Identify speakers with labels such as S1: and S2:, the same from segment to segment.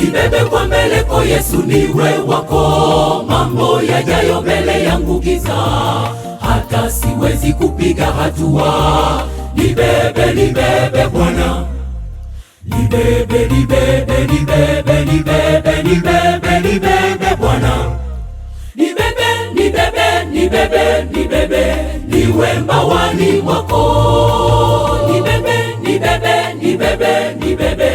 S1: Nibebe kwa mbele kwa Yesu niwe wako, mambo yajayo mbele yangu giza, hata siwezi kupiga hatua. Nibebe, nibebe Bwana, nibebe, nibebe, nibebe, nibebe, nibebe, nibebe Bwana, nibebe, nibebe, nibebe, nibebe, niwe mbawani wako, nibebe, nibebe, nibebe, nibebe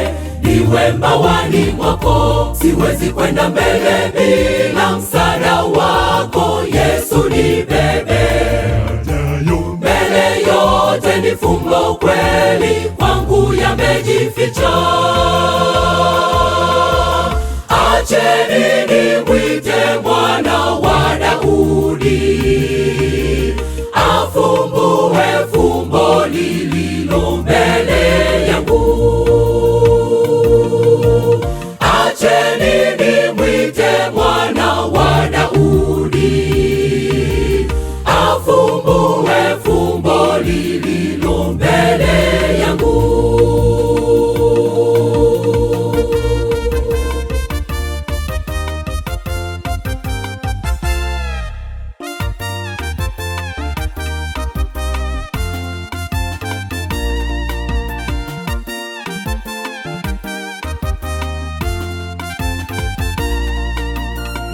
S1: niwe mawani mwako, siwezi kwenda mbele bila msaada wako Yesu, nibebe. Mbele yote ni fumbo kweli, kwangu yamejificha. Acheni mwite mwana wa Daudi, afumbue fumbo lililo mbele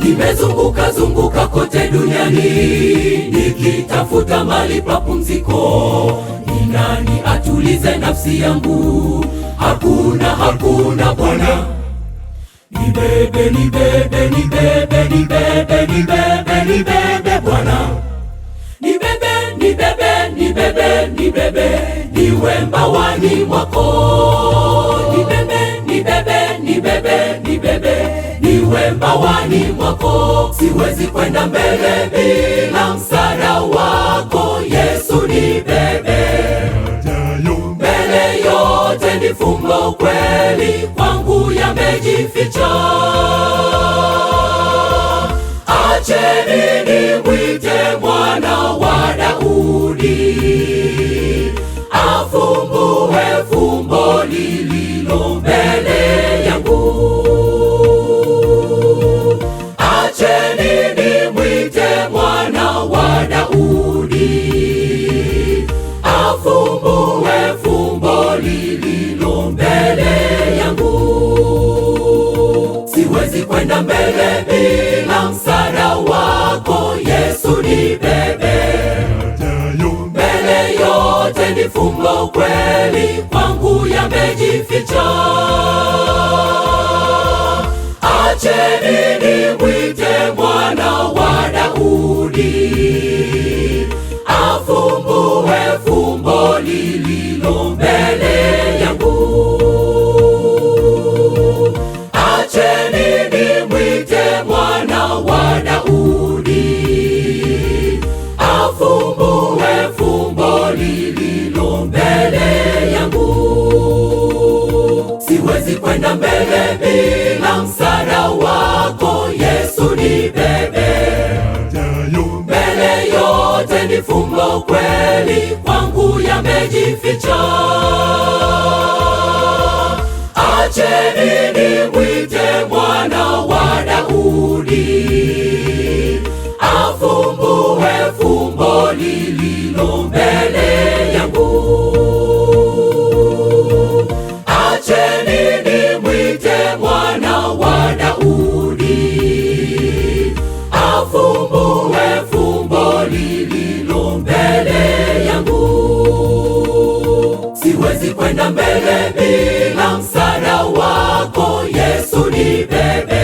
S1: nimezunguka zunguka kote duniani nikitafuta mali pa pumziko, ni nani atulize nafsi yangu? Hakuna, hakuna Bwana. Nibebe, nibebe, nibebe, nibebe, nibebe, nibebe Bwana, nibebe, nibebe, nibebe, nibebe, niwe mbawani mwako, nibebe, nibebe, nibebe, nibebe niwe mbawani mwako, siwezi kwenda mbele bila msaada wako Yesu, nibebe mbele yote, nifumbo kweli kwangu yamejificha. Acheni nimwite kwenda mbele bila msaada wako Yesu bebe Mbele yote ni fumbo, kweli kwangu yamejificha. Acheni mwite mwana wa Daudi, afumbue fumbo lililo mbele kwenda mbele bila msaada wako Yesu nibebe. Mbele yote ni fumbo kweli, kwangu yamejificha. Acheni ni Siwezi kwenda mbele bila msaada wako Yesu, nibebe.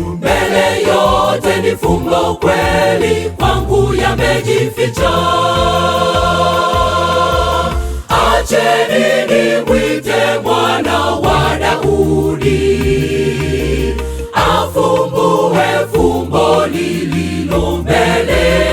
S1: Mbele yote ni fumbo, kweli kwangu yamejificha. Acheni mwite Mwana wa Daudi, afumbue fumbo lililo mbele